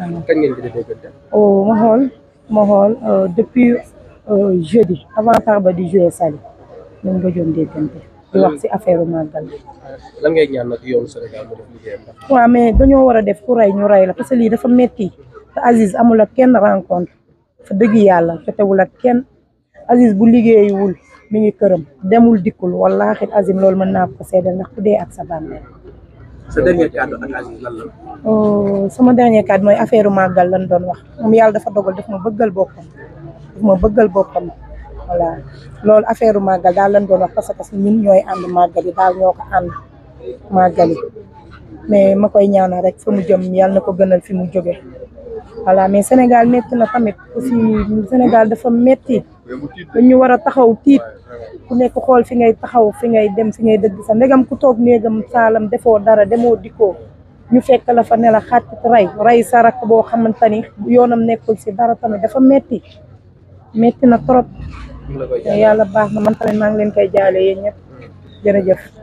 Euh, kañ ngeen di déggante. ma xool depuis euh, jeudi avant Farba di jouer Saly ñu ngi ko doon déggante. di wax si affaire màggal. lan ngay ñaan mais dañoo war a def ku rey ñu rey la parce que lii dafa metti te Aziz amul ak kenn rencontre fa dëgg yàlla jotewul ak kenn Aziz bu liggéeyiwul mu ngi këram demul dikkul wallaahi Azim loolu mën naa ko seedal ndax ku dee ak sa sa dernier oh, sama dernier kàddu mooy affaire màggal lan doon wax mu yàlla dafa dogal daf ma bëggal boppam daf ma bëggal boppam voilà loolu affaire màggal daal lan doon wax parce que ñun ñooy ànd màggal yi daal ñoo ko ànd màggal mais ma koy ñaanal rek fa mu jëm yàlla na ko gënal fi mu jógee. voilà mais Sénégal métti na tamit aussi Sénégal dafa métti dañu war a taxaw tiit ku nekk xool fi ngay taxaw fi ngay dem si ngay dëgg sa ndegam ku toog néegam saalam defoo dara demoo dikkoo ñu fekk la fa ne la xàttit rey rey sa rakk boo xamante ni yoonam nekkul si dara tamit dafa métti métti na trop yàlla baax na man tamit maa ngi leen koy jaale yéen ñëpp jërëjëf